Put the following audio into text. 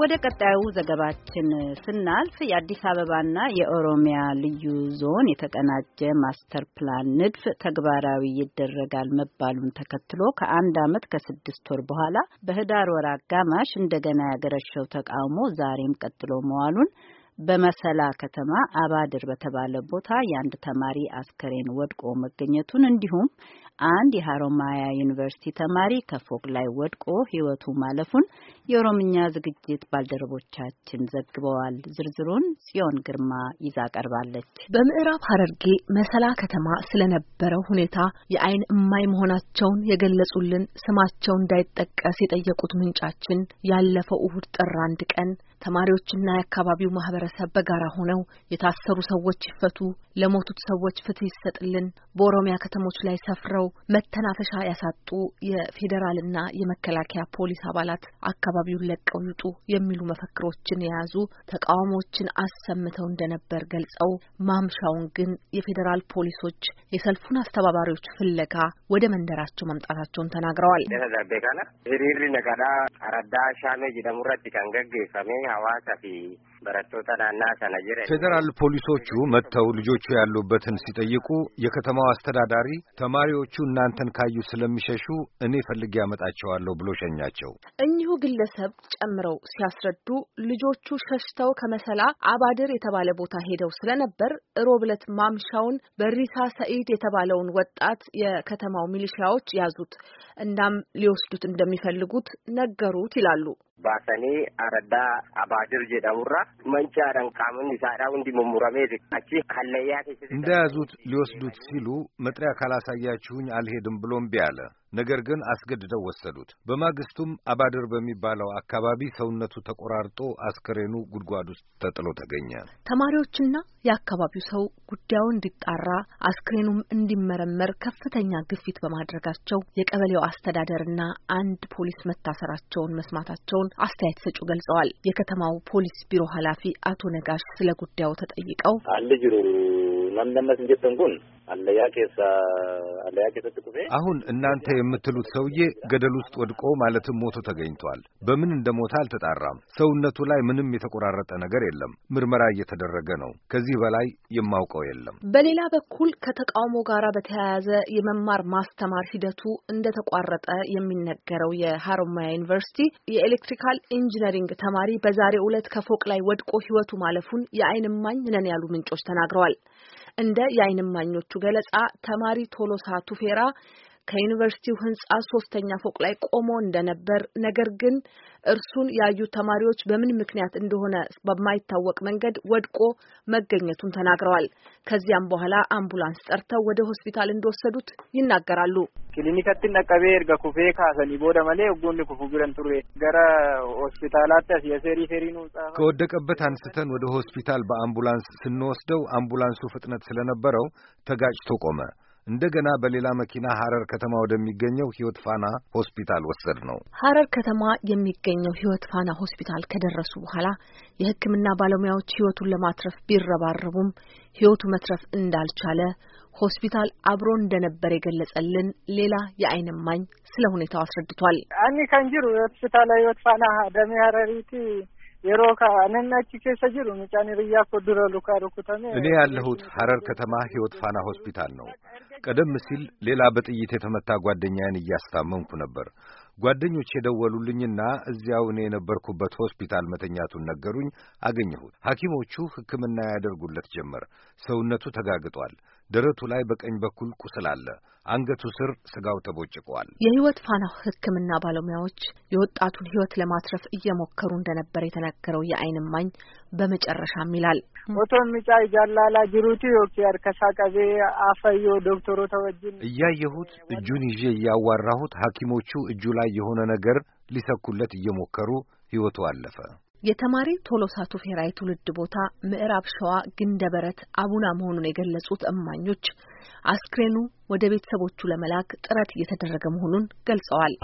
ወደ ቀጣዩ ዘገባችን ስናልፍ የአዲስ አበባና የኦሮሚያ ልዩ ዞን የተቀናጀ ማስተር ፕላን ንድፍ ተግባራዊ ይደረጋል መባሉን ተከትሎ ከአንድ ዓመት ከስድስት ወር በኋላ በህዳር ወር አጋማሽ እንደገና ያገረሸው ተቃውሞ ዛሬም ቀጥሎ መዋሉን በመሰላ ከተማ አባድር በተባለ ቦታ የአንድ ተማሪ አስከሬን ወድቆ መገኘቱን እንዲሁም አንድ የሀሮማያ ዩኒቨርሲቲ ተማሪ ከፎቅ ላይ ወድቆ ሕይወቱ ማለፉን የኦሮምኛ ዝግጅት ባልደረቦቻችን ዘግበዋል። ዝርዝሩን ጽዮን ግርማ ይዛ ቀርባለች። በምዕራብ ሀረርጌ መሰላ ከተማ ስለነበረው ሁኔታ የአይን እማኝ መሆናቸውን የገለጹልን ስማቸው እንዳይጠቀስ የጠየቁት ምንጫችን ያለፈው እሁድ ጥር አንድ ቀን ተማሪዎችና የአካባቢው ማህበረሰብ በጋራ ሆነው የታሰሩ ሰዎች ይፈቱ፣ ለሞቱት ሰዎች ፍትህ ይሰጥልን፣ በኦሮሚያ ከተሞች ላይ ሰፍረው መተናፈሻ ያሳጡ የፌዴራልና የመከላከያ ፖሊስ አባላት አካባቢውን ለቀው ይውጡ የሚሉ መፈክሮችን የያዙ ተቃውሞዎችን አሰምተው እንደነበር ገልጸው ማምሻውን ግን የፌዴራል ፖሊሶች የሰልፉን አስተባባሪዎች ፍለጋ ወደ መንደራቸው መምጣታቸውን ተናግረዋል። how I got the ፌዴራል ፖሊሶቹ መጥተው ልጆቹ ያሉበትን ሲጠይቁ የከተማው አስተዳዳሪ ተማሪዎቹ እናንተን ካዩ ስለሚሸሹ እኔ ፈልጌ ያመጣቸዋለሁ ብሎ ሸኛቸው። እኚሁ ግለሰብ ጨምረው ሲያስረዱ ልጆቹ ሸሽተው ከመሰላ አባድር የተባለ ቦታ ሄደው ስለነበር እሮብ ዕለት ማምሻውን በሪሳ ሰኢድ የተባለውን ወጣት የከተማው ሚሊሺያዎች ያዙት። እናም ሊወስዱት እንደሚፈልጉት ነገሩት ይላሉ። ባሰኔ አረዳ አባድር ጀዳውራ መንጫረን ቃምን ይሳራ ወንዲ መሙረሜ አቺ ካለያ እንደያዙት ሊወስዱት ሲሉ መጥሪያ ካላሳያችሁኝ አልሄድም ብሎ እምቢ አለ። ነገር ግን አስገድደው ወሰዱት። በማግስቱም አባድር በሚባለው አካባቢ ሰውነቱ ተቆራርጦ አስከሬኑ ጉድጓድ ውስጥ ተጥሎ ተገኘ። ተማሪዎችና የአካባቢው ሰው ጉዳዩ እንዲጣራ አስክሬኑም እንዲመረመር ከፍተኛ ግፊት በማድረጋቸው የቀበሌው አስተዳደርና አንድ ፖሊስ መታሰራቸውን መስማታቸውን አስተያየት ሰጩ ገልጸዋል። የከተማው ፖሊስ ቢሮ ኃላፊ አቶ ነጋሽ ስለ ጉዳዩ ተጠይቀው አሁን እናንተ የምትሉት ሰውዬ ገደል ውስጥ ወድቆ ማለትም ሞቶ ተገኝቷል። በምን እንደሞተ አልተጣራም። ሰውነቱ ላይ ምንም የተቆራረጠ ነገር የለም። ምርመራ እየተደረገ ነው። ከዚህ በላይ የማውቀው የለም። በሌላ በኩል ከተቃውሞ ጋር በተያያዘ የመማር ማስተማር ሂደቱ እንደተቋረጠ የሚነገረው የሀሮማያ ዩኒቨርሲቲ የኤሌክትሪካል ኢንጂነሪንግ ተማሪ በዛሬው ዕለት ከፎቅ ላይ ወድቆ ሕይወቱ ማለፉን የአይን እማኝ ነን ያሉ ምንጮች ተናግረዋል። እንደ የአይንማኞቹ ገለጻ ተማሪ ቶሎሳ ቱፌራ ከዩኒቨርሲቲው ህንጻ ሶስተኛ ፎቅ ላይ ቆሞ እንደነበር፣ ነገር ግን እርሱን ያዩ ተማሪዎች በምን ምክንያት እንደሆነ በማይታወቅ መንገድ ወድቆ መገኘቱን ተናግረዋል። ከዚያም በኋላ አምቡላንስ ጠርተው ወደ ሆስፒታል እንደወሰዱት ይናገራሉ። ክሊኒካትን ነቀቤ እርገ ኩፌ ካሰኒ ቦደ መሌ ጉን ኩፉ ብረን ቱሬ ገረ ሆስፒታላት የሴሪ ሴሪ ነው። ከወደቀበት አንስተን ወደ ሆስፒታል በአምቡላንስ ስንወስደው አምቡላንሱ ፍጥነት ስለነበረው ተጋጭቶ ቆመ። እንደገና በሌላ መኪና ሐረር ከተማ ወደሚገኘው ሕይወት ፋና ሆስፒታል ወሰድ ነው። ሐረር ከተማ የሚገኘው ሕይወት ፋና ሆስፒታል ከደረሱ በኋላ የሕክምና ባለሙያዎች ሕይወቱን ለማትረፍ ቢረባረቡም ሕይወቱ መትረፍ እንዳልቻለ ሆስፒታል አብሮ እንደነበር የገለጸልን ሌላ የአይን እማኝ ስለ ሁኔታው አስረድቷል። አኒ ከንጅሩ ሆስፒታል ሕይወት ፋና ደሚ ሐረሪቲ የሮካ አነናቺ ከሰጅሩ ምጫኔ ብያ ኮ እኔ ያለሁት ሐረር ከተማ ሕይወት ፋና ሆስፒታል ነው። ቀደም ሲል ሌላ በጥይት የተመታ ጓደኛዬን እያስታመምኩ ነበር። ጓደኞች የደወሉልኝና እዚያው እኔ የነበርኩበት ሆስፒታል መተኛቱን ነገሩኝ። አገኘሁት። ሐኪሞቹ ሕክምና ያደርጉለት ጀመር። ሰውነቱ ተጋግጧል። ደረቱ ላይ በቀኝ በኩል ቁስል አለ። አንገቱ ስር ስጋው ተቦጭቋል። የህይወት ፋና ሕክምና ባለሙያዎች የወጣቱን ህይወት ለማትረፍ እየሞከሩ እንደነበር የተነገረው የአይን እማኝ በመጨረሻም ይላል ሞቶ ምጫ ይጃላላ ጅሩቲ ዮኪያድ ከሳቀቤ አፈዮ ዶክተሮ ተወጅን እያየሁት እጁን ይዤ እያዋራሁት ሐኪሞቹ እጁ ላይ የሆነ ነገር ሊሰኩለት እየሞከሩ ህይወቱ አለፈ። የተማሪ ቶሎሳ ቱፌራ የትውልድ ቦታ ምዕራብ ሸዋ ግንደበረት አቡና መሆኑን የገለጹት እማኞች አስክሬኑ ወደ ቤተሰቦቹ ለመላክ ጥረት እየተደረገ መሆኑን ገልጸዋል።